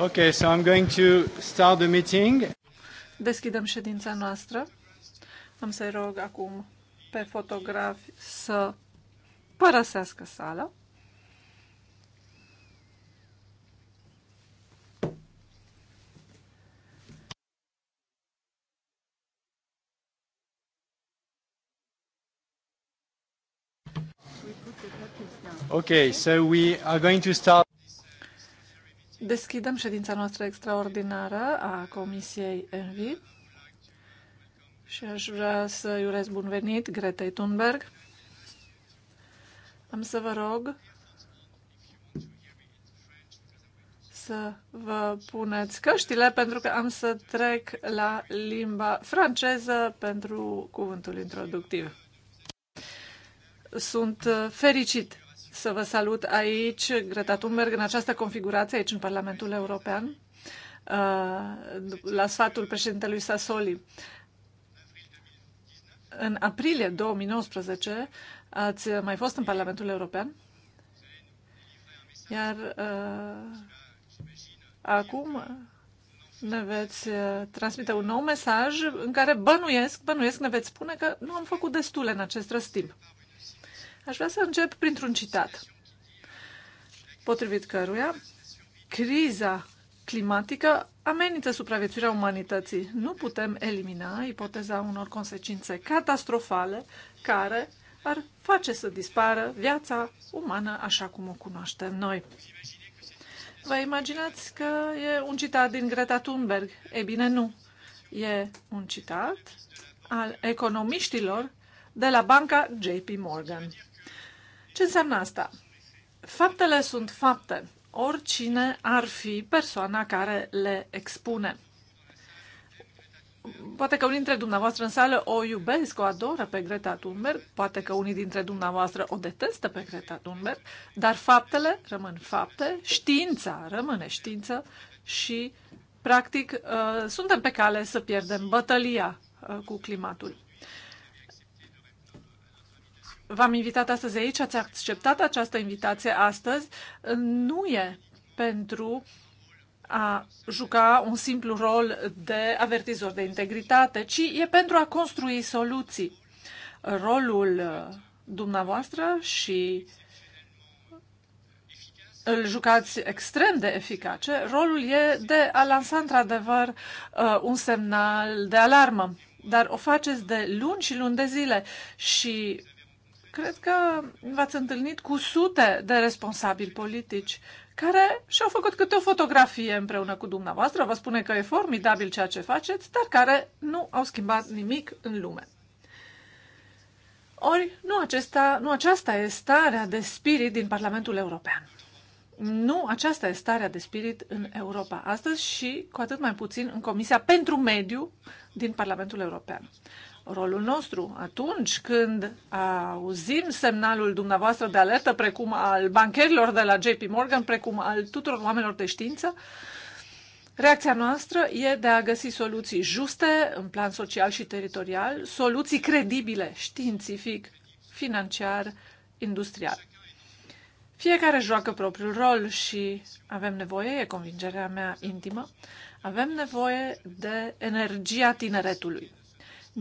Okay, so I'm going to start the meeting. Deschidem ședința noastră. Am să-i rog acum pe fotografi să părăsească sala. Okay, so we are going to start Deschidem ședința noastră extraordinară a Comisiei Envi și aș vrea să-i urez bun venit Gretei Thunberg. Am să vă rog să vă puneți căștile pentru că am să trec la limba franceză pentru cuvântul introductiv. Sunt fericit să vă salut aici, Greta Thunberg, în această configurație aici în Parlamentul European, uh, la sfatul președintelui Sassoli. În aprilie 2019 ați mai fost în Parlamentul European, iar uh, acum ne veți uh, transmite un nou mesaj în care bănuiesc, bănuiesc, ne veți spune că nu am făcut destule în acest răstimp. Aș vrea să încep printr-un citat, potrivit căruia criza climatică amenință supraviețuirea umanității. Nu putem elimina ipoteza unor consecințe catastrofale care ar face să dispară viața umană așa cum o cunoaștem noi. Vă imaginați că e un citat din Greta Thunberg? E bine, nu. E un citat al economiștilor de la banca JP Morgan. Ce înseamnă asta? Faptele sunt fapte, oricine ar fi persoana care le expune. Poate că unii dintre dumneavoastră în sală o iubesc, o adoră pe Greta Thunberg, poate că unii dintre dumneavoastră o detestă pe Greta Thunberg, dar faptele rămân fapte, știința rămâne știință și, practic, uh, suntem pe cale să pierdem bătălia uh, cu climatul v-am invitat astăzi aici, ați acceptat această invitație astăzi, nu e pentru a juca un simplu rol de avertizor de integritate, ci e pentru a construi soluții. Rolul uh, dumneavoastră și îl jucați extrem de eficace, rolul e de a lansa într-adevăr uh, un semnal de alarmă. Dar o faceți de luni și luni de zile și Cred că v-ați întâlnit cu sute de responsabili politici care și-au făcut câte o fotografie împreună cu dumneavoastră, vă spune că e formidabil ceea ce faceți, dar care nu au schimbat nimic în lume. Ori nu, acesta, nu aceasta e starea de spirit din Parlamentul European. Nu, aceasta e starea de spirit în Europa astăzi și cu atât mai puțin în Comisia pentru Mediu din Parlamentul European rolul nostru atunci când auzim semnalul dumneavoastră de alertă, precum al bancherilor de la JP Morgan, precum al tuturor oamenilor de știință, reacția noastră e de a găsi soluții juste în plan social și teritorial, soluții credibile, științific, financiar, industrial. Fiecare joacă propriul rol și avem nevoie, e convingerea mea intimă, avem nevoie de energia tineretului.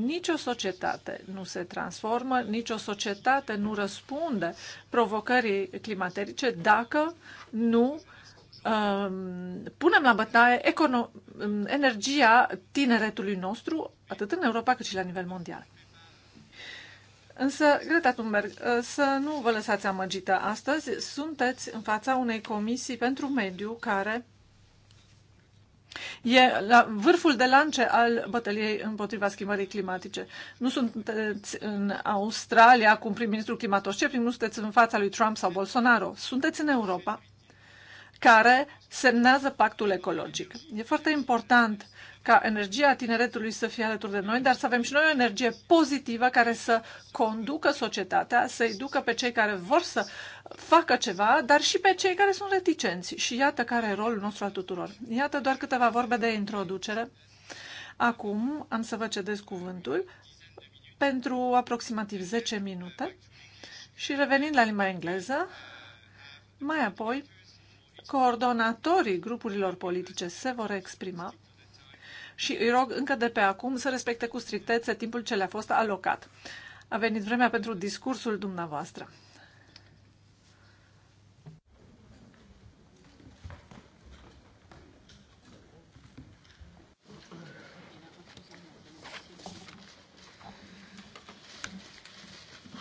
Nicio societate nu se transformă, nicio societate nu răspunde provocării climaterice dacă nu um, punem la bătaie um, energia tineretului nostru, atât în Europa cât și la nivel mondial. Însă, Greta Thunberg, uh, să nu vă lăsați amăgită astăzi. Sunteți în fața unei comisii pentru mediu care E la vârful de lance al bătăliei împotriva schimbării climatice. Nu sunteți în Australia cu un prim-ministru climatosceptic, nu sunteți în fața lui Trump sau Bolsonaro. Sunteți în Europa, care semnează pactul ecologic. E foarte important ca energia tineretului să fie alături de noi, dar să avem și noi o energie pozitivă care să conducă societatea, să-i ducă pe cei care vor să facă ceva, dar și pe cei care sunt reticenți. Și iată care e rolul nostru al tuturor. Iată doar câteva vorbe de introducere. Acum am să vă cedez cuvântul pentru aproximativ 10 minute și revenind la limba engleză, mai apoi coordonatorii grupurilor politice se vor exprima și îi rog încă de pe acum să respecte cu strictețe timpul ce le-a fost alocat. A venit vremea pentru discursul dumneavoastră.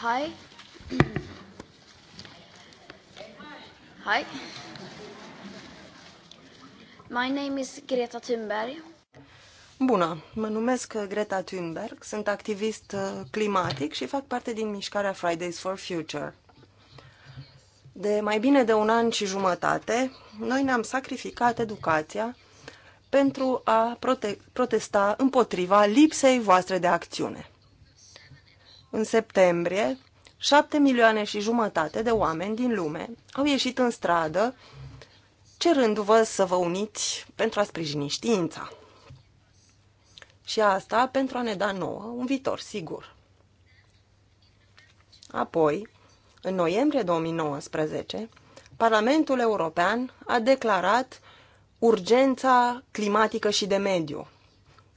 Hi. Hi. My name is Greta Thunberg. Bună, mă numesc Greta Thunberg, sunt activist uh, climatic și fac parte din mișcarea Fridays for Future. De mai bine de un an și jumătate, noi ne-am sacrificat educația pentru a prote- protesta împotriva lipsei voastre de acțiune în septembrie, șapte milioane și jumătate de oameni din lume au ieșit în stradă cerându-vă să vă uniți pentru a sprijini știința. Și asta pentru a ne da nouă un viitor sigur. Apoi, în noiembrie 2019, Parlamentul European a declarat urgența climatică și de mediu.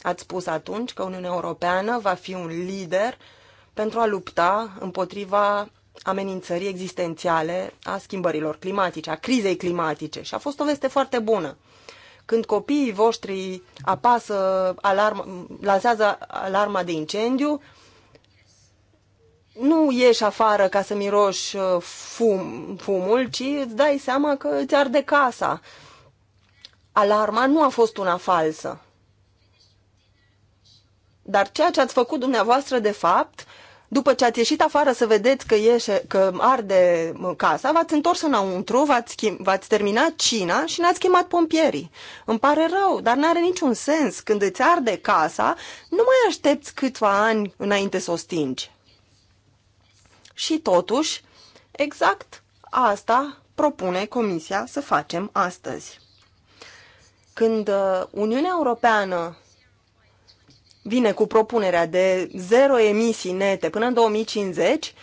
Ați spus atunci că Uniunea Europeană va fi un lider pentru a lupta împotriva amenințării existențiale a schimbărilor climatice, a crizei climatice. Și a fost o veste foarte bună. Când copiii voștri apasă alarm, lansează alarma de incendiu, nu ieși afară ca să miroși uh, fum, fumul, ci îți dai seama că îți arde casa. Alarma nu a fost una falsă. Dar ceea ce ați făcut dumneavoastră, de fapt, după ce ați ieșit afară să vedeți că, ieșe, că arde casa, v-ați întors înăuntru, v-ați, v-ați terminat cina și n-ați chemat pompierii. Îmi pare rău, dar n-are niciun sens. Când îți arde casa, nu mai aștepți câțiva ani înainte să o stingi. Și totuși, exact asta propune Comisia să facem astăzi. Când uh, Uniunea Europeană vine cu propunerea de zero emisii nete până în 2050,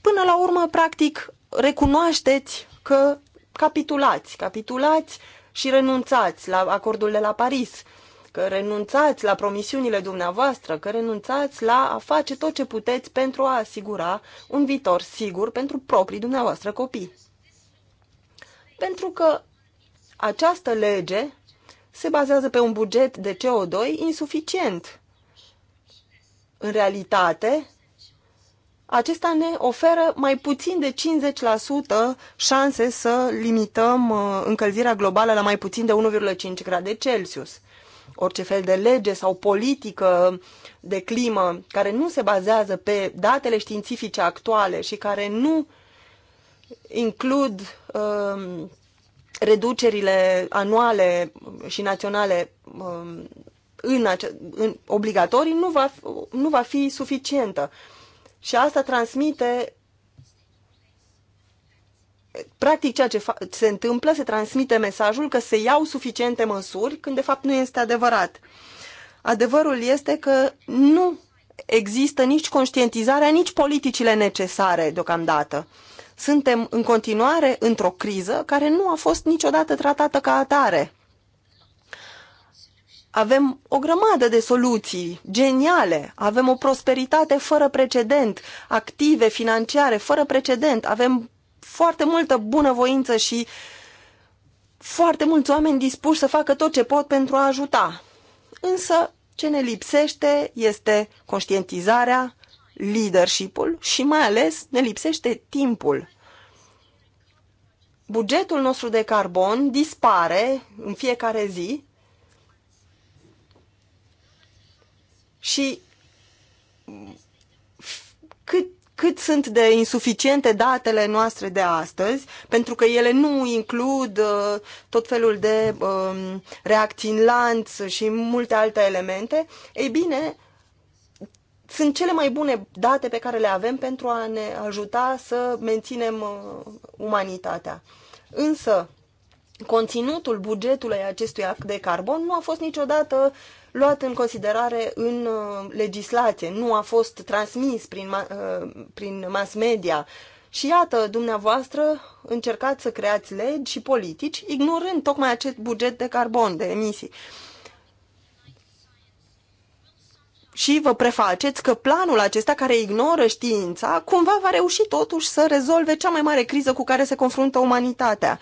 până la urmă, practic, recunoașteți că capitulați, capitulați și renunțați la acordul de la Paris, că renunțați la promisiunile dumneavoastră, că renunțați la a face tot ce puteți pentru a asigura un viitor sigur pentru proprii dumneavoastră copii. Pentru că această lege se bazează pe un buget de CO2 insuficient în realitate, acesta ne oferă mai puțin de 50% șanse să limităm uh, încălzirea globală la mai puțin de 1,5 grade Celsius. Orice fel de lege sau politică de climă care nu se bazează pe datele științifice actuale și care nu includ uh, reducerile anuale și naționale uh, în ace- în, obligatorii nu va, nu va fi suficientă. Și asta transmite practic ceea ce se întâmplă, se transmite mesajul că se iau suficiente măsuri, când de fapt nu este adevărat. Adevărul este că nu există nici conștientizarea, nici politicile necesare deocamdată. Suntem în continuare într-o criză care nu a fost niciodată tratată ca atare. Avem o grămadă de soluții geniale, avem o prosperitate fără precedent, active financiare fără precedent, avem foarte multă bunăvoință și foarte mulți oameni dispuși să facă tot ce pot pentru a ajuta. Însă, ce ne lipsește este conștientizarea, leadership-ul și mai ales ne lipsește timpul. Bugetul nostru de carbon dispare în fiecare zi și cât, cât sunt de insuficiente datele noastre de astăzi, pentru că ele nu includ uh, tot felul de uh, reacții în lanț și multe alte elemente, ei bine, sunt cele mai bune date pe care le avem pentru a ne ajuta să menținem uh, umanitatea. Însă, conținutul bugetului acestui act de carbon nu a fost niciodată uh, luat în considerare în uh, legislație, nu a fost transmis prin, uh, prin mass media. Și iată, dumneavoastră încercați să creați legi și politici, ignorând tocmai acest buget de carbon, de emisii. Și vă prefaceți că planul acesta care ignoră știința, cumva va reuși totuși să rezolve cea mai mare criză cu care se confruntă umanitatea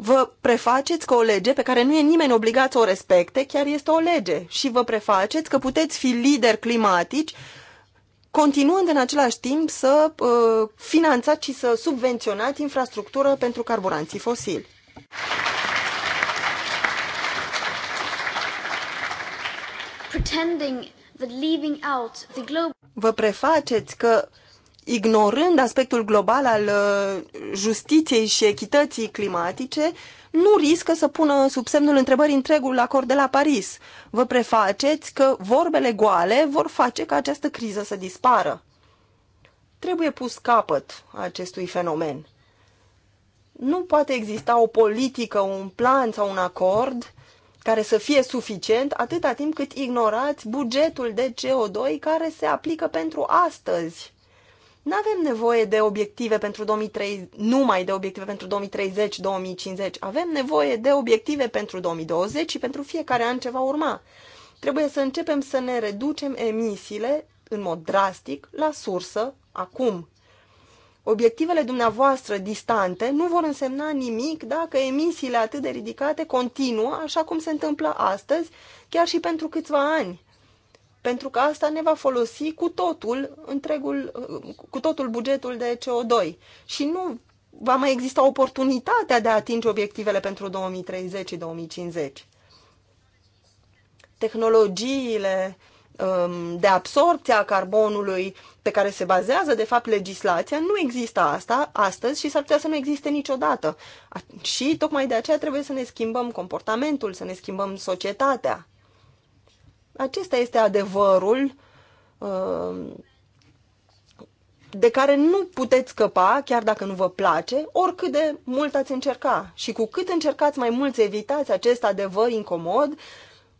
vă prefaceți că o lege pe care nu e nimeni obligat să o respecte, chiar este o lege și vă prefaceți că puteți fi lideri climatici, continuând în același timp să uh, finanțați și să subvenționați infrastructură pentru carburanții fosili. Pretending that leaving out the global... Vă prefaceți că ignorând aspectul global al uh, justiției și echității climatice, nu riscă să pună sub semnul întrebării întregul acord de la Paris. Vă prefaceți că vorbele goale vor face ca această criză să dispară. Trebuie pus capăt acestui fenomen. Nu poate exista o politică, un plan sau un acord care să fie suficient atâta timp cât ignorați bugetul de CO2 care se aplică pentru astăzi. Nu avem nevoie de obiective pentru 2030, numai de obiective pentru 2030-2050. Avem nevoie de obiective pentru 2020 și pentru fiecare an ce va urma. Trebuie să începem să ne reducem emisiile în mod drastic la sursă acum. Obiectivele dumneavoastră distante nu vor însemna nimic dacă emisiile atât de ridicate continuă așa cum se întâmplă astăzi, chiar și pentru câțiva ani pentru că asta ne va folosi cu totul, întregul, cu totul bugetul de CO2 și nu va mai exista oportunitatea de a atinge obiectivele pentru 2030 2050. Tehnologiile um, de absorpție a carbonului pe care se bazează, de fapt, legislația, nu există asta astăzi și s-ar putea să nu existe niciodată. Și tocmai de aceea trebuie să ne schimbăm comportamentul, să ne schimbăm societatea. Acesta este adevărul uh, de care nu puteți scăpa, chiar dacă nu vă place, oricât de mult ați încerca. Și cu cât încercați mai mult să evitați acest adevăr incomod,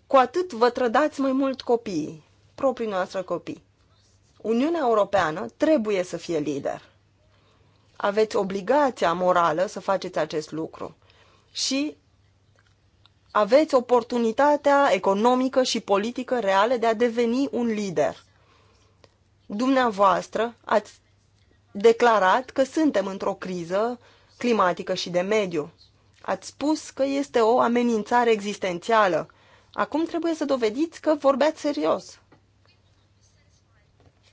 cu atât vă trădați mai mult copiii, proprii noastre copii. Uniunea Europeană trebuie să fie lider. Aveți obligația morală să faceți acest lucru. Și aveți oportunitatea economică și politică reală de a deveni un lider. Dumneavoastră ați declarat că suntem într-o criză climatică și de mediu. Ați spus că este o amenințare existențială. Acum trebuie să dovediți că vorbeați serios.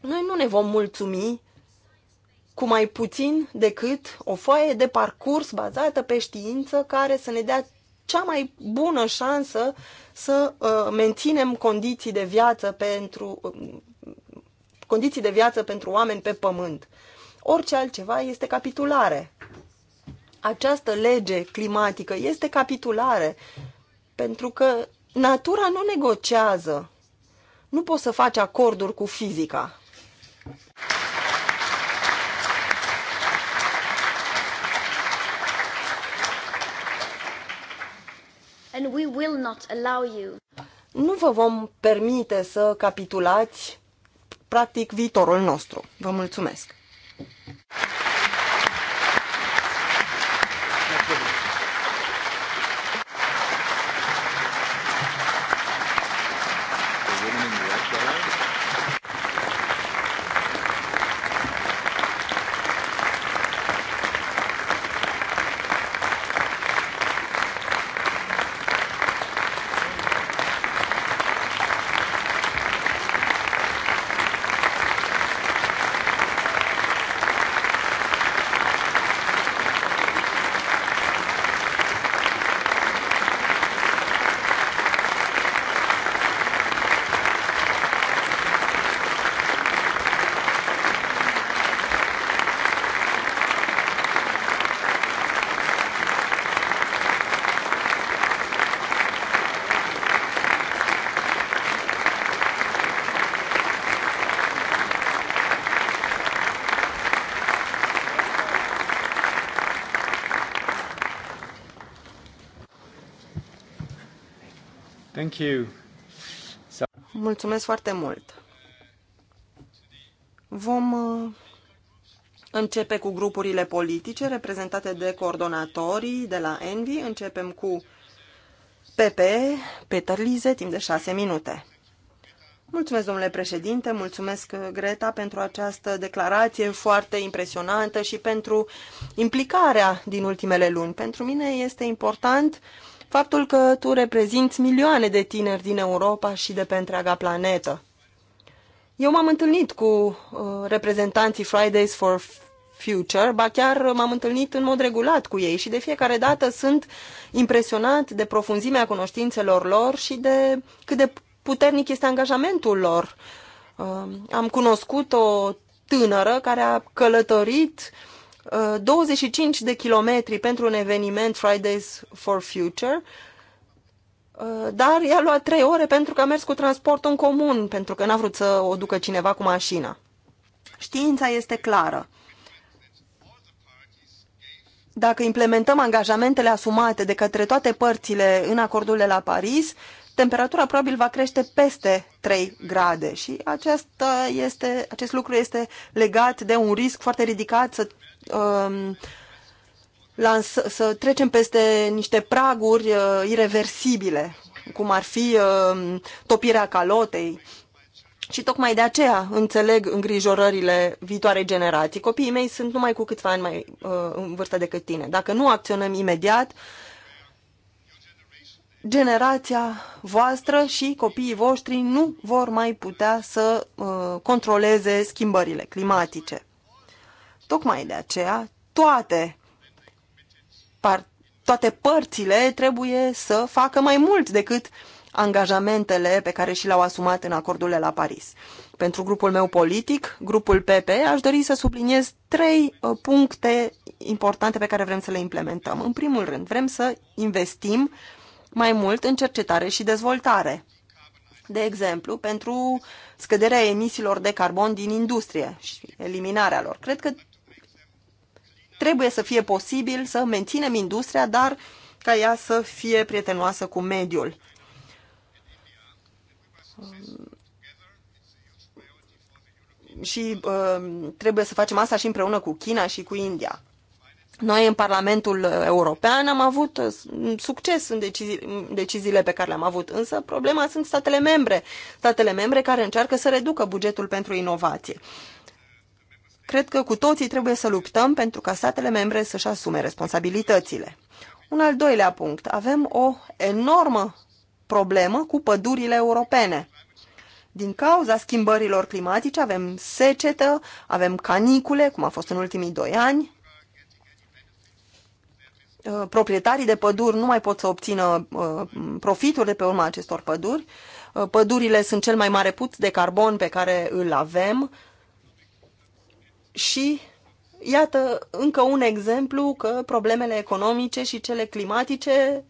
Noi nu ne vom mulțumi cu mai puțin decât o foaie de parcurs bazată pe știință care să ne dea cea mai bună șansă să uh, menținem condiții de viață pentru uh, condiții de viață pentru oameni pe pământ. Orice altceva este capitulare. Această lege climatică este capitulare pentru că natura nu negociază. Nu poți să faci acorduri cu fizica. and we will not allow you. Nu vă vom permite să capitulați, practic, viitorul nostru. Vă mulțumesc! Thank you. Mulțumesc foarte mult. Vom uh, începe cu grupurile politice reprezentate de coordonatorii de la Envi. Începem cu PP, Peter Lize, timp de șase minute. Mulțumesc, domnule președinte, mulțumesc, uh, Greta, pentru această declarație foarte impresionantă și pentru implicarea din ultimele luni. Pentru mine este important uh, faptul că tu reprezinți milioane de tineri din Europa și de pe întreaga planetă. Eu m-am întâlnit cu uh, reprezentanții Fridays for Future, ba chiar m-am întâlnit în mod regulat cu ei și de fiecare dată sunt impresionat de profunzimea cunoștințelor lor și de cât de puternic este angajamentul lor. Uh, am cunoscut o tânără care a călătorit uh, 25 uh, de kilometri pentru un eveniment Fridays for Future, uh, dar i-a luat 3 ore pentru că a mers cu transportul în comun, pentru că n-a vrut să o ducă cineva cu mașina. Știința este clară. Dacă implementăm angajamentele asumate de către toate părțile în acordul de la Paris, temperatura probabil va crește peste 3 grade și acest, este, acest lucru este legat de un risc foarte ridicat să Um, lans, să trecem peste niște praguri uh, irreversibile, cum ar fi uh, topirea calotei. Și tocmai de aceea înțeleg îngrijorările viitoarei generații. Copiii mei sunt numai cu câțiva ani mai uh, în vârstă decât tine. Dacă nu acționăm imediat, generația voastră și copiii voștri nu vor mai putea să uh, controleze schimbările climatice. Tocmai de aceea, toate, par, toate părțile trebuie să facă mai mult decât angajamentele pe care și le-au asumat în acordurile la Paris. Pentru grupul meu politic, grupul PP, aș dori să subliniez trei uh, puncte importante pe care vrem să le implementăm. În primul rând, vrem să investim mai mult în cercetare și dezvoltare. De exemplu, pentru scăderea emisiilor de carbon din industrie și eliminarea lor. Cred că trebuie să fie posibil să menținem industria, dar ca ea să fie prietenoasă cu mediul. Și uh, trebuie să facem asta și împreună cu China și cu India. Noi în Parlamentul European am avut uh, succes în deciziile pe care le-am avut, însă problema sunt statele membre, statele membre care încearcă să reducă bugetul pentru inovație. Uh, Cred că cu toții trebuie să luptăm pentru ca statele membre să-și asume responsabilitățile. Un al doilea punct. Avem o enormă problemă cu pădurile europene. Din cauza schimbărilor climatice avem secetă, avem canicule, cum a fost în ultimii doi ani. Uh, proprietarii de păduri nu mai pot să obțină uh, profituri de pe urma acestor păduri. Uh, pădurile sunt cel mai mare put de carbon pe care îl avem și iată încă un exemplu că problemele economice și cele climatice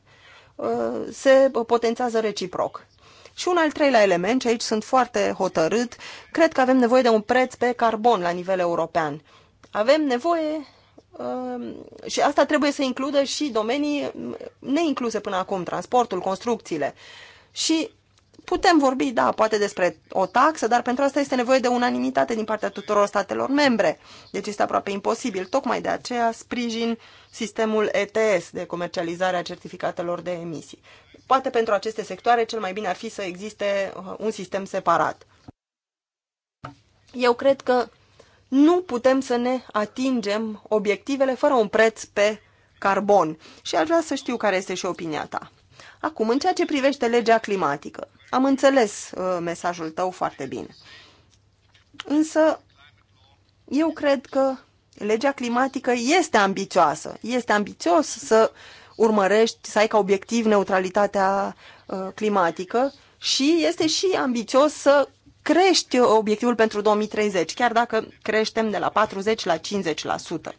uh, se potențează reciproc. Și un al treilea element, și aici sunt foarte hotărât, cred că avem nevoie de un preț pe carbon la nivel european. Avem nevoie uh, și asta trebuie să includă și domenii uh, neincluse până acum, transportul, construcțiile. Și Putem vorbi, da, poate despre o taxă, dar pentru asta este nevoie de unanimitate din partea tuturor statelor membre. Deci este aproape imposibil. Tocmai de aceea sprijin sistemul ETS de comercializare a certificatelor de emisii. Poate pentru aceste sectoare cel mai bine ar fi să existe uh, un sistem separat. Eu cred că nu putem să ne atingem obiectivele fără un preț pe carbon. Și aș vrea să știu care este și opinia ta. Acum, în ceea ce privește legea climatică, am înțeles uh, mesajul tău foarte bine. Însă, eu cred că legea climatică este ambițioasă. Este ambițios să urmărești, să ai ca obiectiv neutralitatea uh, climatică și este și ambițios să crești uh, obiectivul pentru 2030, chiar dacă creștem de la 40 la 50%.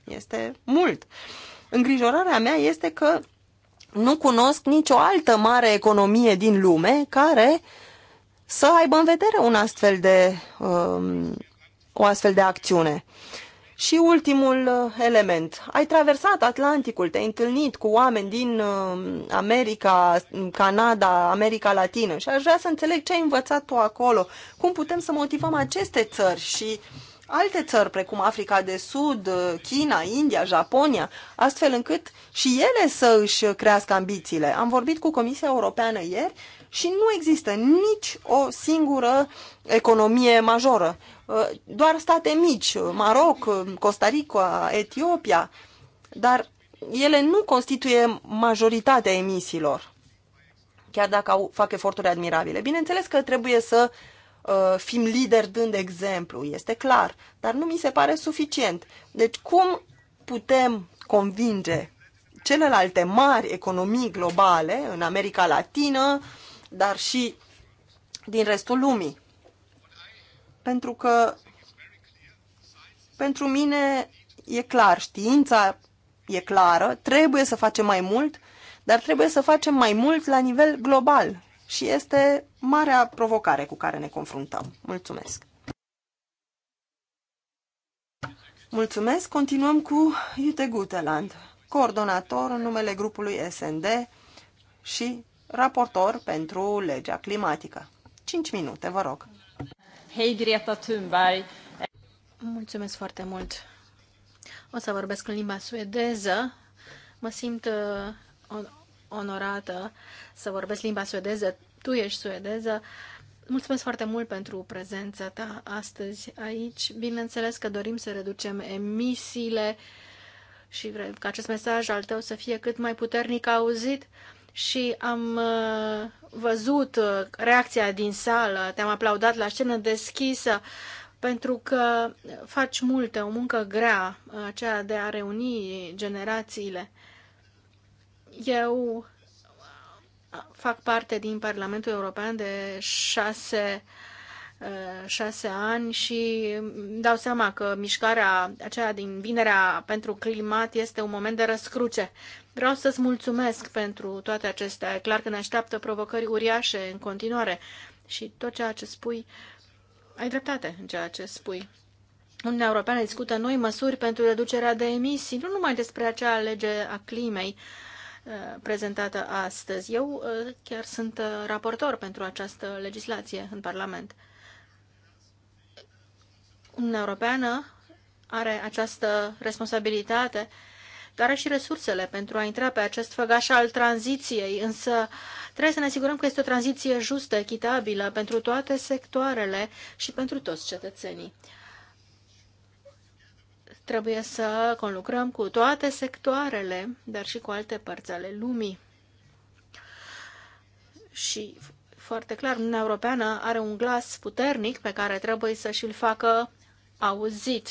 Este mult. Îngrijorarea mea este că nu cunosc nicio altă mare economie din lume care să aibă în vedere un astfel de, um, o astfel de acțiune. Și ultimul uh, element. Ai traversat Atlanticul, te-ai întâlnit cu oameni din um, America, Canada, America Latină și aș vrea să înțeleg ce ai învățat tu acolo. Cum putem să motivăm aceste țări și uh, alte țări, precum Africa de Sud, China, India, Japonia, astfel încât și ele să își crească ambițiile. Am vorbit cu Comisia Europeană ieri și nu există nici o singură economie majoră. Doar state mici, Maroc, Costa Rica, Etiopia, dar ele nu constituie majoritatea emisiilor, chiar dacă au, fac eforturi admirabile. Bineînțeles că trebuie să uh, Uh, fim lideri dând exemplu, este clar, dar nu mi se pare suficient. Deci cum putem convinge celelalte mari economii globale în America Latină, dar și din restul lumii? Pentru că pentru mine e clar, știința e clară, trebuie să facem mai mult, dar trebuie să facem mai mult la nivel global, și este marea provocare cu care ne confruntăm. Mulțumesc! Mulțumesc! Continuăm cu Iute Guteland, coordonator în numele grupului SND și raportor pentru legea climatică. 5 minute, vă rog. Hei Greta Thunberg! Mulțumesc foarte mult! O să vorbesc în limba suedeză. Mă simt uh, onorată să vorbesc limba suedeză. Tu ești suedeză. Mulțumesc foarte mult pentru prezența ta astăzi aici. Bineînțeles că dorim să reducem emisiile și ca acest mesaj al tău să fie cât mai puternic auzit și am uh, văzut uh, reacția din sală, te-am aplaudat la scenă deschisă pentru că faci multe, o muncă grea, uh, aceea de a reuni generațiile. Eu fac parte din Parlamentul European de șase, uh, șase ani și dau seama că mișcarea aceea din vinerea pentru climat este un moment de răscruce. Vreau să-ți mulțumesc pentru toate acestea. E clar că ne așteaptă provocări uriașe în continuare și tot ceea ce spui, ai dreptate în ceea ce spui. Uniunea Europeană discută noi măsuri pentru reducerea de emisii, nu numai despre acea lege a climei, Uh, prezentată astăzi. Eu uh, chiar sunt uh, raportor pentru această legislație în Parlament. Uniunea Europeană are această responsabilitate, dar are și resursele pentru a intra pe acest făgaș al tranziției, însă trebuie să ne asigurăm că este o tranziție justă, echitabilă pentru toate sectoarele și pentru toți cetățenii. Trebuie să conlucrăm cu toate sectoarele, dar și cu alte părți ale lumii. Și foarte clar, Uniunea Europeană are un glas puternic pe care trebuie să și-l facă auzit.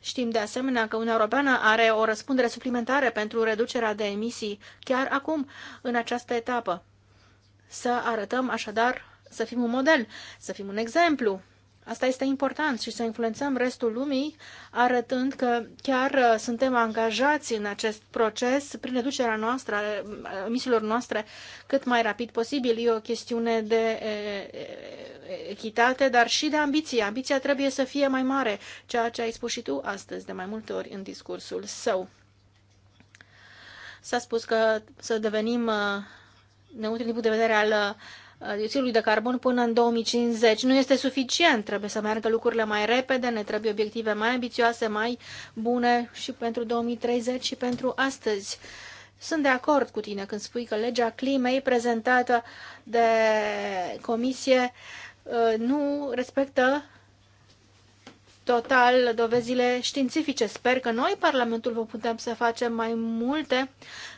Știm de asemenea că Uniunea Europeană are o răspundere suplimentară pentru reducerea de emisii chiar acum, în această etapă. Să arătăm așadar, să fim un model, să fim un exemplu Asta este important și să influențăm restul lumii, arătând că chiar uh, suntem angajați în acest proces prin reducerea noastră, emisiilor noastre cât mai rapid posibil. E o chestiune de echitate, dar și de ambiție. Ambiția trebuie să fie mai mare, ceea ce ai spus și tu astăzi de mai multe ori în discursul său. S-a spus că să devenim uh, neutri din punct de vedere al uh, Uh, dioxidului de carbon până în 2050. Nu este suficient, trebuie să meargă lucrurile mai repede, ne trebuie obiective mai ambițioase, mai bune și pentru 2030 și pentru astăzi. Sunt de acord cu tine când spui că legea climei prezentată de comisie uh, nu respectă total dovezile științifice. Sper că noi, Parlamentul, vă putem să facem mai multe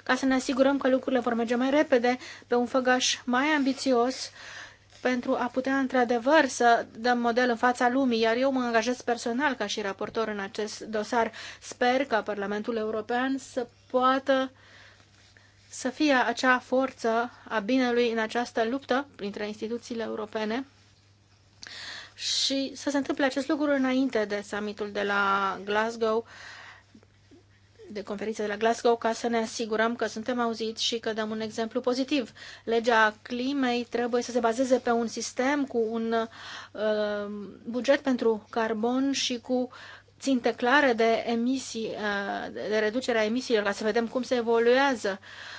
ca să ne asigurăm că lucrurile vor merge mai repede pe un făgaș mai ambițios pentru a putea într-adevăr să dăm model în fața lumii, iar eu mă angajez personal ca și raportor în acest dosar. Sper ca Parlamentul European să poată să fie acea forță a binelui în această luptă printre instituțiile europene și să se întâmple acest lucru înainte de summitul de la Glasgow, de conferința de la Glasgow, ca să ne asigurăm că suntem auziți și că dăm un exemplu pozitiv. Legea climei trebuie să se bazeze pe un sistem cu un uh, buget pentru carbon și cu ținte clare de emisii, uh, de reducerea emisiilor, ca să vedem cum se evoluează.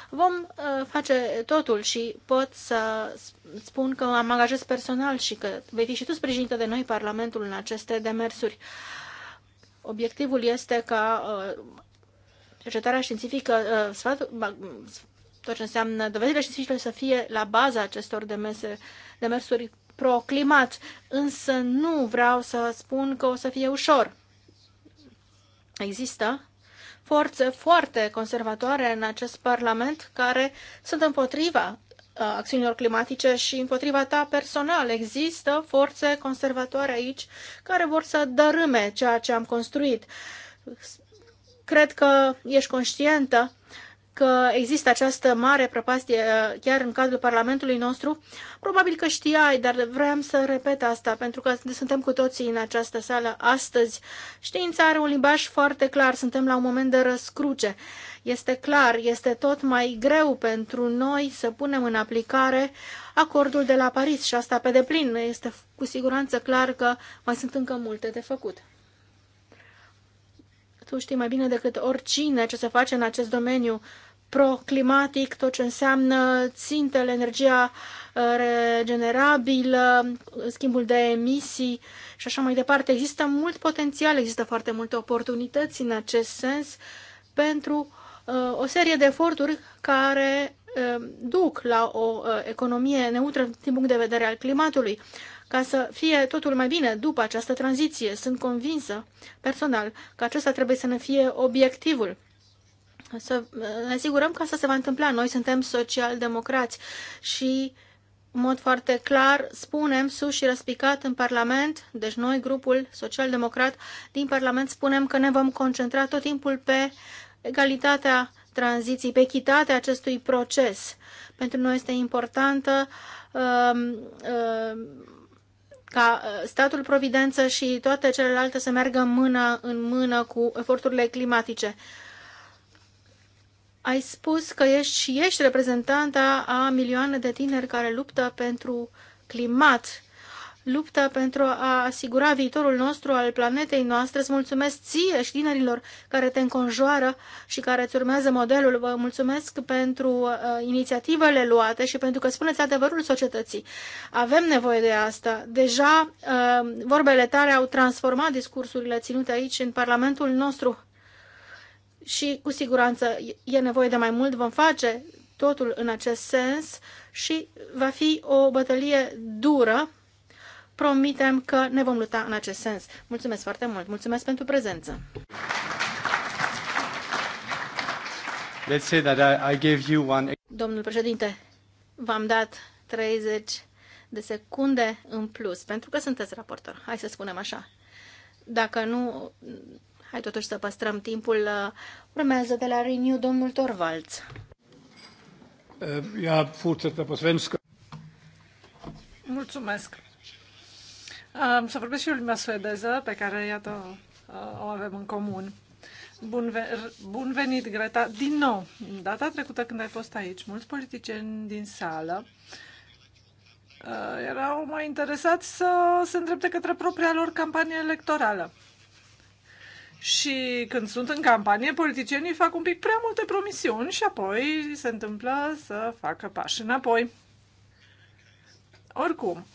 Vom uh, face totul și pot să spun că am angajat personal și că vei fi și tu sprijinită de noi, Parlamentul, în aceste demersuri. Obiectivul este ca uh, cercetarea științifică, sfatul, tot ce înseamnă dovedile științifice să fie la baza acestor demese, demersuri pro-climat, însă nu vreau să spun că o să fie ușor. Există forțe foarte conservatoare în acest Parlament care sunt împotriva uh, acțiunilor climatice și împotriva ta personal. Există forțe conservatoare aici care vor să dărâme ceea ce am construit. Cred că ești conștientă că există această mare prăpastie uh, chiar în cadrul Parlamentului nostru. Probabil că știai, dar vreau să repet asta, pentru că suntem cu toții în această sală astăzi. Știința are un limbaj foarte clar, suntem la un moment de răscruce. Este clar, este tot mai greu pentru noi să punem în aplicare acordul de la Paris și asta pe deplin. Este cu siguranță clar că mai sunt încă multe de făcut. Tu știi mai bine decât oricine ce se face în acest domeniu proclimatic, tot ce înseamnă țintele, energia uh, regenerabilă, schimbul de emisii și așa mai departe. Există mult potențial, există foarte multe oportunități în acest sens pentru uh, o serie de eforturi care uh, duc la o economie neutră din punct de vedere al climatului, ca să fie totul mai bine după această tranziție. Sunt convinsă personal că acesta trebuie să ne fie obiectivul să ne asigurăm că asta se va întâmpla. Noi suntem socialdemocrați și în mod foarte clar spunem sus și răspicat în Parlament, deci noi, grupul social-democrat din Parlament, spunem că ne vom concentra tot timpul pe egalitatea tranziției, pe echitatea acestui proces. Pentru noi este importantă um, um, ca uh, statul providență și toate celelalte să meargă mână în mână cu eforturile climatice ai spus că ești și ești reprezentanta a milioane de tineri care luptă pentru climat, luptă pentru a asigura viitorul nostru al planetei noastre. Îți mulțumesc ție și tinerilor care te înconjoară și care îți urmează modelul. Vă mulțumesc pentru uh, inițiativele luate și pentru că spuneți adevărul societății. Avem nevoie de asta. Deja uh, vorbele tale au transformat discursurile ținute aici în Parlamentul nostru și cu siguranță e nevoie de mai mult, vom face totul în acest sens și va fi o bătălie dură. Promitem că ne vom lupta în acest sens. Mulțumesc foarte mult, mulțumesc pentru prezență. Let's say that I, I gave you one... Domnul președinte, v-am dat 30 de secunde în plus, pentru că sunteți raportor, hai să spunem așa. Dacă nu Hai totuși să păstrăm timpul. Uh, urmează de la Renew domnul Torvalds. Ia uh, fortsätter på svenska. Mulțumesc. Um, să vorbesc și eu limba suedeză, pe care, iată, uh, o avem în comun. Bun, ve- bun venit, Greta. Din nou, data trecută când ai fost aici, mulți politicieni din sală uh, erau mai interesați să se îndrepte către propria lor campanie electorală. Și când sunt în campanie, politicienii fac un pic prea multe promisiuni și apoi se întâmplă să facă pași înapoi. Oricum,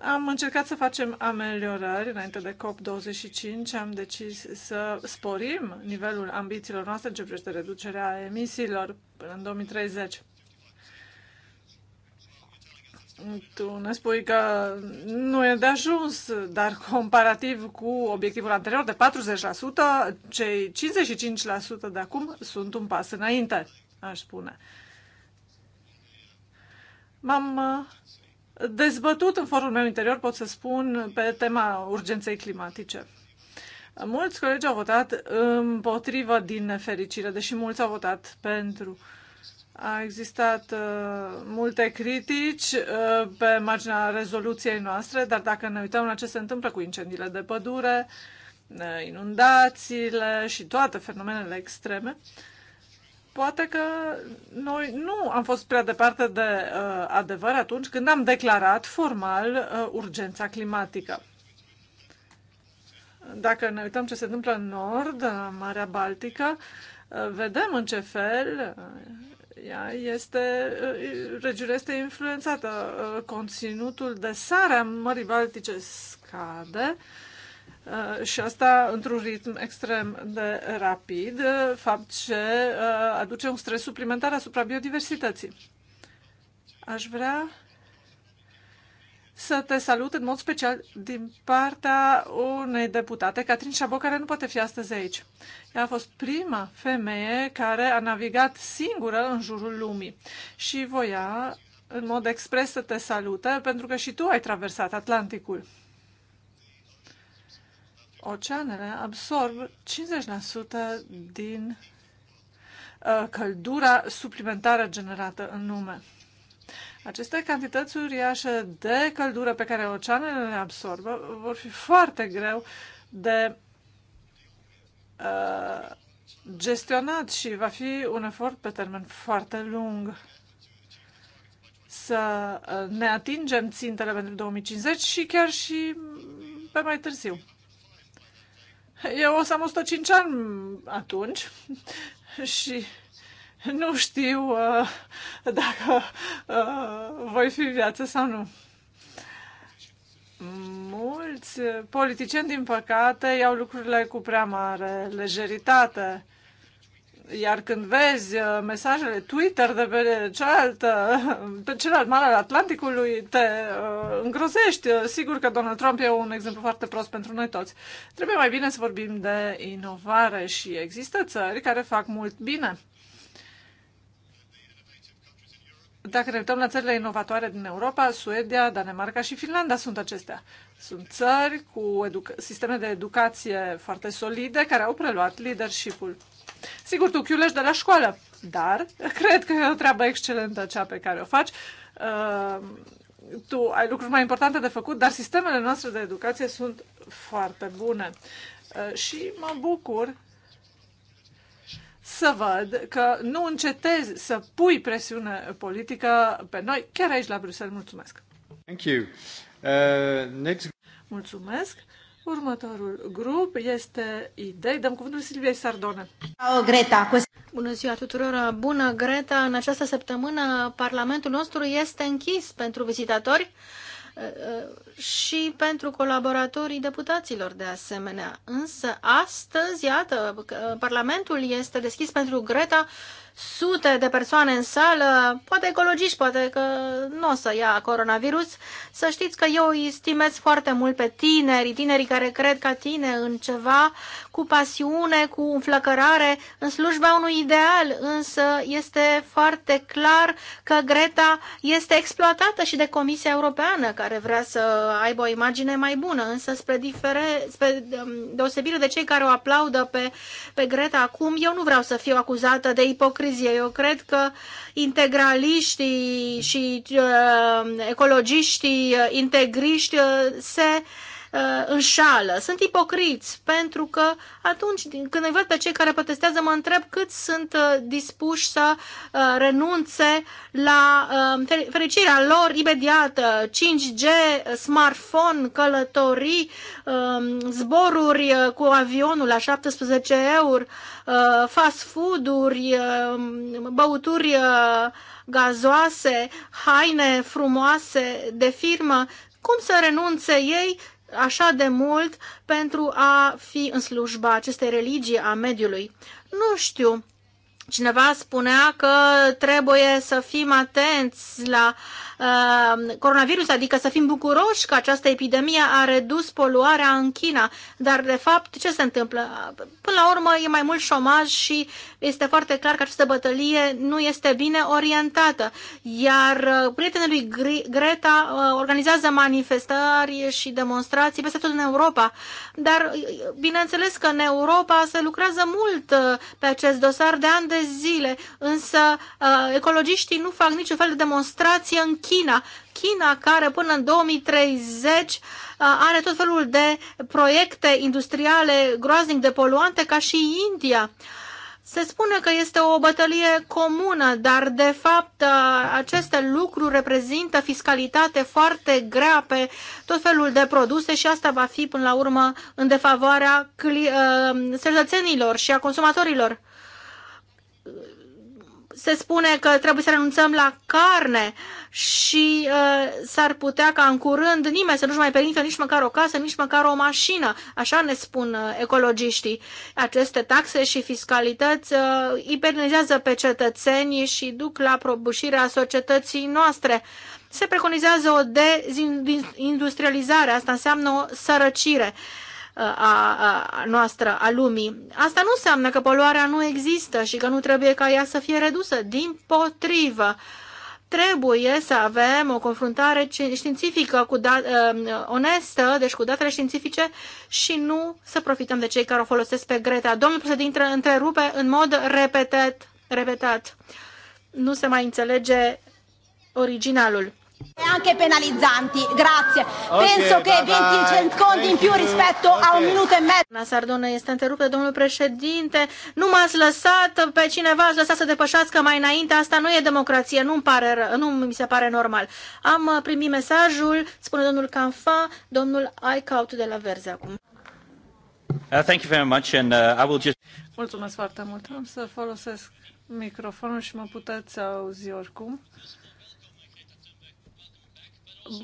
Am încercat să facem ameliorări înainte de COP25. Am decis să sporim nivelul ambițiilor noastre în ce privește reducerea emisiilor până în 2030. Tu ne spui că nu e de ajuns, dar comparativ cu obiectivul anterior de 40%, cei 55% de acum sunt un pas înainte, aș spune. M-am uh, dezbătut în forul meu interior, pot să spun, pe tema urgenței climatice. Mulți colegi au votat împotrivă din nefericire, deși mulți au votat pentru. A existat uh, multe critici uh, pe marginea rezoluției noastre, dar dacă ne uităm la ce se întâmplă cu incendiile de pădure, uh, inundațiile și toate fenomenele extreme, poate că noi nu am fost prea departe de uh, adevăr atunci când am declarat formal uh, urgența climatică. Dacă ne uităm ce se întâmplă în Nord, în Marea Baltică, uh, vedem în ce fel uh, ea este, regiunea este influențată. Conținutul de sare a Mării Baltice scade și asta într-un ritm extrem de rapid, fapt ce aduce un stres suplimentar asupra biodiversității. Aș vrea să te salut în mod special din partea unei deputate, Catrin Șabo, care nu poate fi astăzi aici. Ea a fost prima femeie care a navigat singură în jurul lumii și voia în mod expres să te salute, pentru că și tu ai traversat Atlanticul. Oceanele absorb 50% din uh, căldura suplimentară generată în lume. Aceste cantități uriașe de căldură pe care oceanele le absorbă vor fi foarte greu de uh, gestionat și va fi un efort pe termen foarte lung să uh, ne atingem țintele pentru 2050 și chiar și pe mai târziu. Eu o să am 105 ani atunci și nu știu uh, dacă uh, voi fi viață sau nu. Mulți politicieni, din păcate, iau lucrurile cu prea mare lejeritate. Iar când vezi uh, mesajele Twitter de pe cealaltă, pe celălalt mare al Atlanticului, te uh, îngrozești. Uh, sigur că Donald Trump e un exemplu foarte prost pentru noi toți. Trebuie mai bine să vorbim de inovare și există țări care fac mult bine. Dacă ne uităm la țările inovatoare din Europa, Suedia, Danemarca și Finlanda sunt acestea. Sunt țări cu sisteme de educație foarte solide care au preluat leadership-ul. Sigur, tu chiulești de la școală, dar cred că e o treabă excelentă cea pe care o faci. Uh, tu ai lucruri mai importante de făcut, dar sistemele noastre de educație sunt foarte bune. Uh, și mă bucur să văd că nu încetezi să pui presiune politică pe noi, chiar aici la Bruxelles. Mulțumesc! Thank you. Uh, next... Mulțumesc! Următorul grup este idei. Dăm cuvântul Silviei Sardone. Greta. Bună ziua tuturor! Bună, Greta! În această săptămână Parlamentul nostru este închis pentru vizitatori. Uh, și pentru colaboratorii deputaților de asemenea. Însă astăzi, iată, Parlamentul este deschis pentru Greta sute de persoane în sală, poate ecologiști, poate că nu o să ia coronavirus, să știți că eu îi stimez foarte mult pe tineri, tinerii care cred ca tine în ceva, cu pasiune, cu înflăcărare, în slujba unui ideal, însă este foarte clar că Greta este exploatată și de Comisia Europeană, care vrea să aibă o imagine mai bună, însă spre, difere, spre deosebire de cei care o aplaudă pe, pe Greta acum, eu nu vreau să fiu acuzată de ipocrizie ipocrizie. Eu cred că integraliștii și uh, ecologiștii, uh, integriști uh, se înșală, sunt ipocriți, pentru că atunci când îi văd pe cei care protestează, mă întreb cât sunt uh, dispuși să uh, renunțe la uh, fericirea lor imediată, 5G, smartphone, călătorii, um, zboruri cu avionul la 17 euro, fast food-uri, um, băuturi gazoase, haine frumoase de firmă, cum să renunțe ei așa de mult pentru a fi în slujba acestei religii a mediului. Nu știu Cineva spunea că trebuie să fim atenți la uh, coronavirus, adică să fim bucuroși că această epidemie a redus poluarea în China. Dar, de fapt, ce se întâmplă? Până la urmă, e mai mult șomaj și este foarte clar că această bătălie nu este bine orientată. Iar uh, prietenul lui Greta uh, organizează manifestări și demonstrații peste tot în Europa. Dar, uh, bineînțeles că în Europa se lucrează mult uh, pe acest dosar de ani de de zile, însă uh, ecologiștii nu fac niciun fel de demonstrație în China. China care până în 2030 uh, are tot felul de proiecte industriale groaznic de poluante ca și India. Se spune că este o bătălie comună, dar de fapt uh, aceste lucruri reprezintă fiscalitate foarte grea pe tot felul de produse și asta va fi până la urmă în defavoarea cetățenilor și a consumatorilor se spune că trebuie să renunțăm la carne și uh, s-ar putea ca în curând nimeni să nu-și mai permită nici măcar o casă, nici măcar o mașină. Așa ne spun uh, ecologiștii. Aceste taxe și fiscalități uh, ipernizează pe cetățenii și duc la probușirea societății noastre. Se preconizează o dezindustrializare, asta înseamnă o sărăcire. Uh, a, a noastră, a lumii. Asta nu înseamnă că poluarea nu există și că nu trebuie ca ea să fie redusă. Din potrivă, trebuie să avem o confruntare științifică cu da, ă, onestă, deci cu datele științifice și nu să profităm de cei care o folosesc pe Greta. Domnul președinte întrerupe în mod repetat, repetat. Nu se mai înțelege originalul. E, anche penalizzanti, grazie. Okay, Penso che 20 secondi in più rispetto okay. a un minuto e mezzo. La Sardone este întreruptă, domnul președinte. Nu m-ați lăsat pe cineva, ați lăsat să depășească mai înainte. Asta nu e democrație, nu, pare, nu mi se pare normal. Am uh, primit mesajul, spune domnul Canfa, domnul Icaut de la Verze acum. Uh, thank you very much and uh, I will just... Mulțumesc foarte mult. Am să folosesc microfonul și mă puteți auzi oricum. Uh,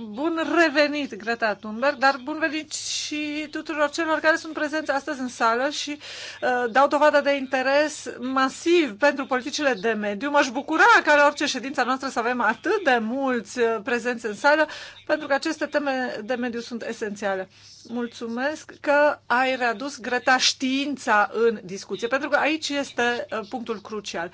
Bun revenit, Greta Thunberg, dar bun venit și tuturor celor care sunt prezenți astăzi în sală și uh, dau dovadă de interes masiv pentru politicile de mediu. M-aș bucura ca la orice ședință noastră să avem atât de mulți uh, prezenți în sală, pentru că aceste teme de mediu sunt esențiale mulțumesc că ai readus greta știința în discuție, pentru că aici este uh, punctul crucial.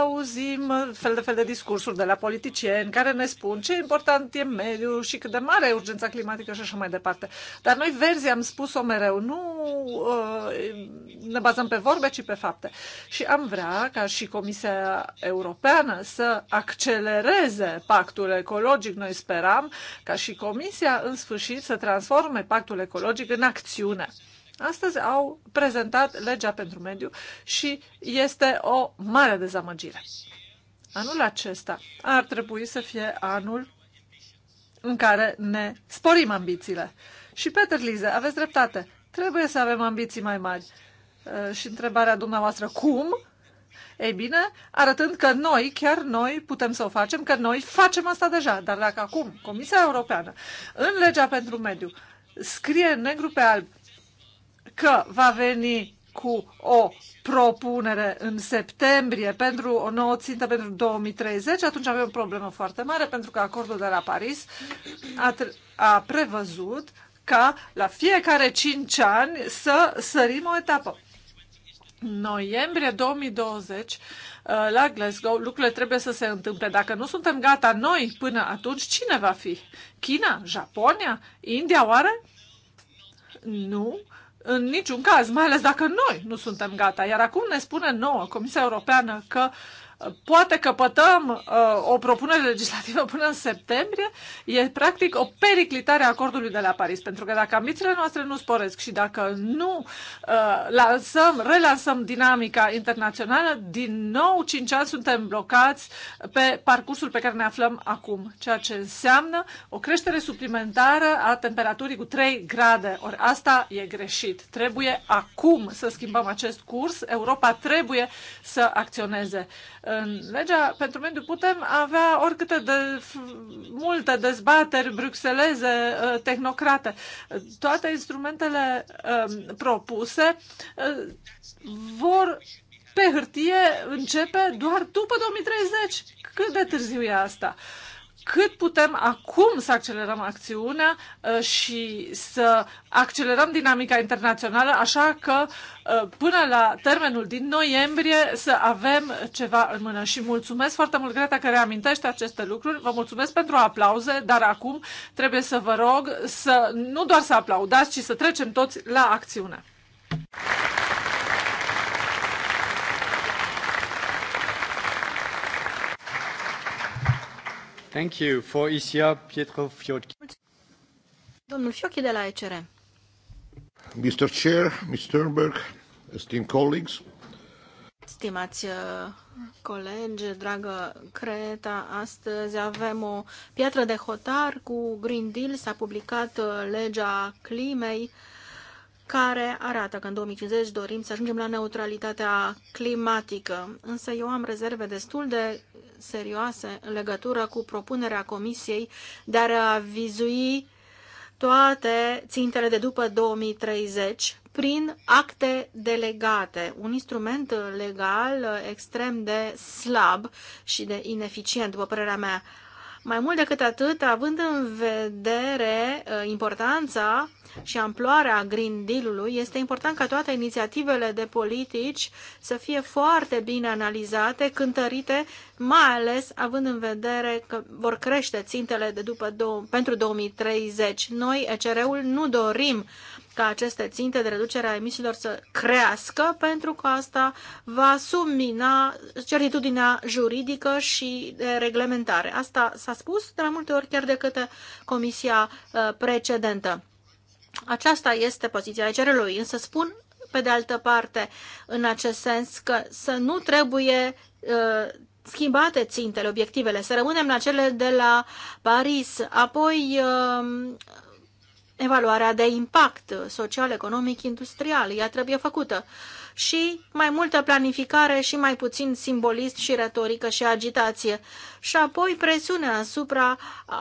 Auzim uh, fel de fel de discursuri de la politicieni care ne spun ce important e mediul și cât de mare e urgența climatică și așa mai departe. Dar noi verzi am spus-o mereu, nu uh, ne bazăm pe vorbe, ci pe fapte. Și am vrea ca și Comisia Europeană să accelereze pactul ecologic. Noi speram ca și Comisia în sfârșit să transforme pactul impactul ecologic în acțiune. Astăzi au prezentat legea pentru mediu și este o mare dezamăgire. Anul acesta ar trebui să fie anul în care ne sporim ambițiile. Și, Peter Lize, aveți dreptate. Trebuie să avem ambiții mai mari. Uh, și întrebarea dumneavoastră, cum? Ei bine, arătând că noi, chiar noi, putem să o facem, că noi facem asta deja. Dar dacă acum Comisia Europeană, în legea pentru mediu, scrie negru pe alb că va veni cu o propunere în septembrie pentru o nouă țintă pentru 2030, atunci avem o problemă foarte mare pentru că acordul de la Paris a, a prevăzut ca la fiecare 5 ani să sărim o etapă. Noiembrie 2020 Uh, la Glasgow lucrurile trebuie să se întâmple. Dacă nu suntem gata noi până atunci, cine va fi? China? Japonia? India oare? Nu, în niciun caz, mai ales dacă noi nu suntem gata. Iar acum ne spune nouă Comisia Europeană că uh, poate căpătăm uh, o propunere legislativă până în septembrie, e practic o periclitare a acordului de la Paris. Pentru că dacă ambițiile noastre nu sporesc și dacă nu uh, lansăm, relansăm dinamica internațională, din nou cinci ani suntem blocați pe parcursul pe care ne aflăm acum, ceea ce înseamnă o creștere suplimentară a temperaturii cu 3 grade. Ori asta e greșit. Trebuie acum să schimbăm acest curs. Europa trebuie să acționeze. Uh, în legea pentru mediu putem avea oricâte de multe dezbateri bruxeleze, ă, tehnocrate. Toate instrumentele ă, propuse ă, vor pe hârtie începe doar după 2030. Cât de târziu e asta? Uh, cât putem acum să accelerăm acțiunea uh, și să accelerăm dinamica internațională, așa că uh, până la termenul din noiembrie să avem ceva în mână. Și mulțumesc foarte mult, Greta, că reamintește aceste lucruri. Vă mulțumesc pentru aplauze, dar acum trebuie să vă rog să nu doar să aplaudați, ci să trecem toți la acțiune. Thank you for ICA, Pietro Fiocchi. Domnul Fiocchi de la ECR. Mr. Chair, Mr. Berg, esteemed colleagues. Stimați uh, colegi, dragă Creta, astăzi avem o piatră de hotar cu Green Deal, s-a publicat uh, legea climei, care arată că în 2050 dorim să ajungem la neutralitatea climatică. Însă eu am rezerve destul de serioase în legătură cu propunerea Comisiei de a revizui toate țintele de după 2030 prin acte delegate, un instrument legal extrem de slab și de ineficient, după părerea mea. Mai mult decât atât, având în vedere uh, importanța și amploarea Green Deal-ului, este important ca toate inițiativele de politici să fie foarte bine analizate, cântărite, mai ales având în vedere că vor crește țintele de după pentru 2030. Noi, ECR-ul, nu dorim ca aceste ținte de reducere a emisiilor să crească, pentru că asta va submina certitudinea juridică și de reglementare. Asta s-a spus de mai multe ori chiar de către comisia uh, precedentă. Aceasta este poziția cerului, însă spun pe de altă parte în acest sens că să nu trebuie uh, schimbate țintele, obiectivele, să rămânem la cele de la Paris. Apoi, uh, evaluarea de impact social, economic, industrial. Ea trebuie făcută. Și mai multă planificare și mai puțin simbolist și retorică și agitație. Și apoi presiunea asupra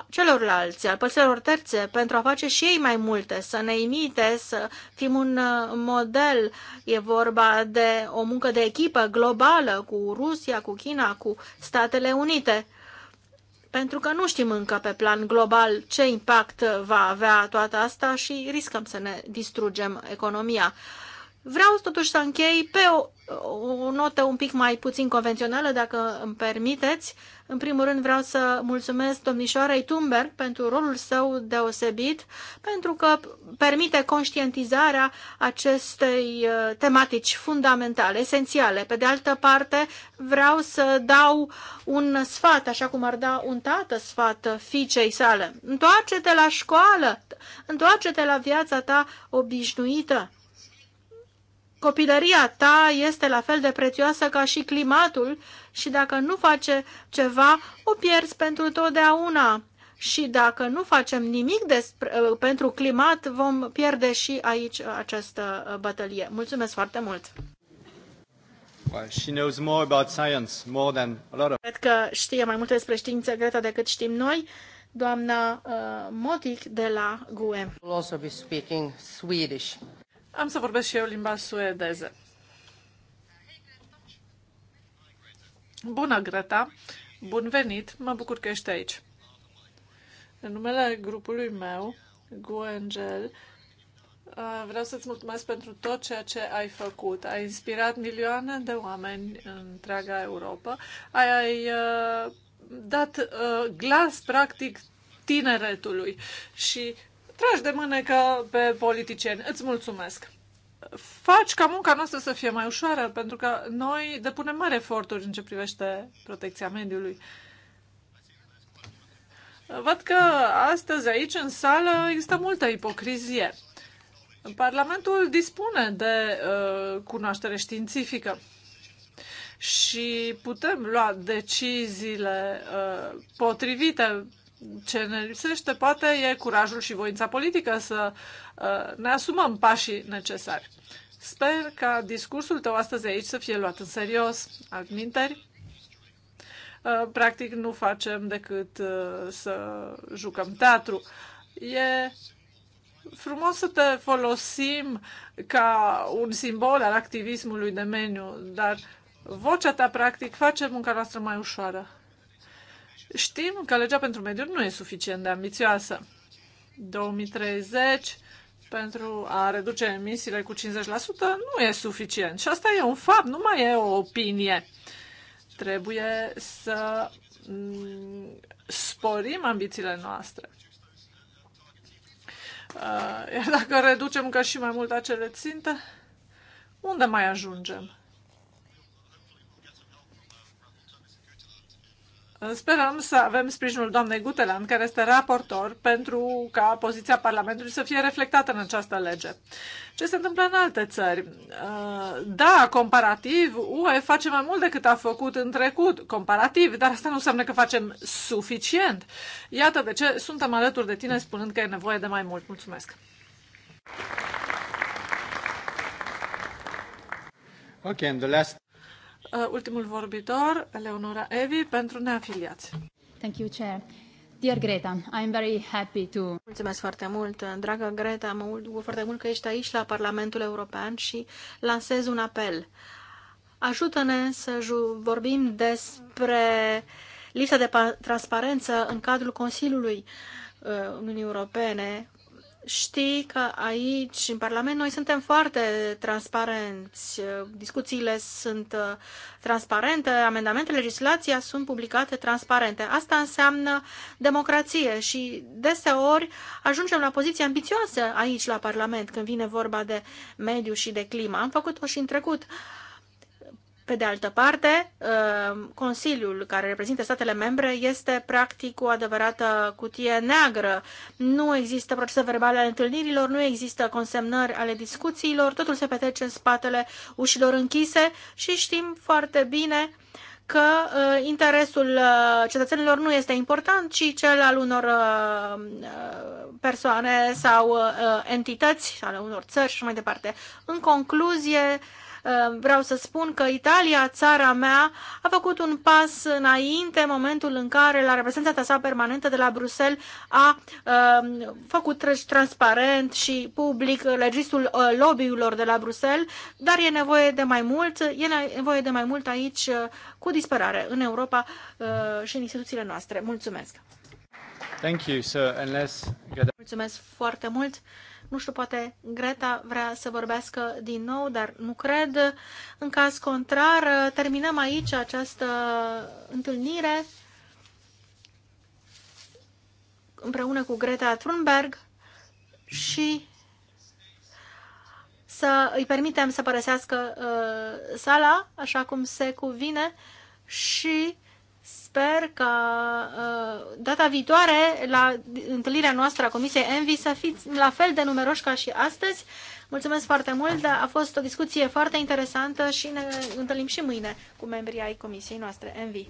celorlalți, al părților terțe, pentru a face și ei mai multe, să ne imite, să fim un uh, model. E vorba de o muncă de echipă globală cu Rusia, cu China, cu Statele Unite pentru că nu știm încă pe plan global ce impact va avea toată asta și riscăm să ne distrugem economia. Vreau totuși să închei pe o, o notă un pic mai puțin convențională, dacă îmi permiteți. În primul rând vreau să mulțumesc domnișoarei Tumber pentru rolul său deosebit, pentru că permite conștientizarea acestei uh, tematici fundamentale, esențiale. Pe de altă parte, vreau să dau un sfat, așa cum ar da un tată sfat fiicei sale. Întoarce-te la școală, întoarce-te la viața ta obișnuită copilăria ta este la fel de prețioasă ca și climatul și dacă nu face ceva, o pierzi pentru totdeauna. Și dacă nu facem nimic despre, uh, pentru climat, vom pierde și aici această uh, bătălie. Mulțumesc foarte mult! Cred că știe mai multe despre știință, Greta, decât știm noi. Doamna uh, Motic de la GUE. Am să vorbesc și eu limba suedeză. Bună, Greta! Bun venit! Mă bucur că ești aici. În numele grupului meu, Guangel, uh, vreau să-ți mulțumesc pentru tot ceea ce ai făcut. Ai inspirat milioane de oameni în întreaga Europa. Ai, ai uh, dat uh, glas, practic, tineretului și tragi de mânecă pe politicieni. Îți mulțumesc! Faci ca munca noastră să fie mai ușoară, pentru că noi depunem mari eforturi în ce privește protecția mediului. Văd că astăzi aici, în sală, există multă ipocrizie. Parlamentul dispune de uh, cunoaștere științifică și putem lua deciziile uh, potrivite ce ne lipsește poate e curajul și voința politică să uh, ne asumăm pașii necesari. Sper ca discursul tău astăzi aici să fie luat în serios. Adminteri, uh, practic nu facem decât uh, să jucăm teatru. E frumos să te folosim ca un simbol al activismului de meniu, dar vocea ta practic face munca noastră mai ușoară. Știm că legea pentru mediu nu e suficient de ambițioasă. 2030 pentru a reduce emisiile cu 50% nu e suficient. Și asta e un fapt, nu mai e o opinie. Trebuie să mm, sporim ambițiile noastre. Uh, iar dacă reducem ca și mai mult acele ținte, unde mai ajungem? Sperăm să avem sprijinul doamnei Guteland, care este raportor, pentru ca poziția Parlamentului să fie reflectată în această lege. Ce se întâmplă în alte țări? Uh, da, comparativ, UE face mai mult decât a făcut în trecut, comparativ, dar asta nu înseamnă că facem suficient. Iată de ce suntem alături de tine spunând că e nevoie de mai mult. Mulțumesc! Okay, and the last Uh, ultimul vorbitor, Eleonora Evi, pentru neafiliați. Thank you, Chair. Dear Greta, I'm very happy to... Mulțumesc foarte mult, dragă Greta, mă bucur foarte mult că ești aici la Parlamentul European și lansez un apel. Ajută-ne să vorbim despre lipsa de transparență în cadrul Consiliului uh, Uniunii Europene, știi că aici, în Parlament, noi suntem foarte transparenți. Discuțiile sunt uh, transparente, amendamentele, legislația sunt publicate transparente. Asta înseamnă democrație și deseori ajungem la poziții ambițioase aici la Parlament când vine vorba de mediu și de climă. Am făcut-o și în trecut. Uh, pe de altă parte, uh, Consiliul care reprezintă statele membre este practic o adevărată cutie neagră. Nu există procese verbale ale întâlnirilor, nu există consemnări ale discuțiilor, totul se petrece în spatele ușilor închise și știm foarte bine că uh, interesul uh, cetățenilor nu este important, ci cel al unor persoane sau entități, ale unor țări și mai departe. În concluzie, Ehm, vreau să spun că Italia, țara mea, a făcut un pas înainte momentul în care la reprezentanța sa permanentă de la Bruxelles a ehm, făcut transparent și public registrul ă, lobbyurilor de la Bruxelles, dar e nevoie de mai mult, e nevoie de mai mult aici ă, cu disperare în Europa ă, și în instituțiile noastre. Mulțumesc! Thank you, sir. Unless... Mulțumesc foarte mult! Nu știu, poate Greta vrea să vorbească din nou, dar nu cred. În caz contrar, terminăm aici această întâlnire împreună cu Greta Thunberg și să îi permitem să părăsească uh, sala așa cum se cuvine și Sper că uh, data viitoare, la întâlnirea noastră a Comisiei Envi, să fiți la fel de numeroși ca și astăzi. Mulțumesc foarte mult, a fost o discuție foarte interesantă și ne întâlnim și mâine cu membrii ai Comisiei noastre Envi.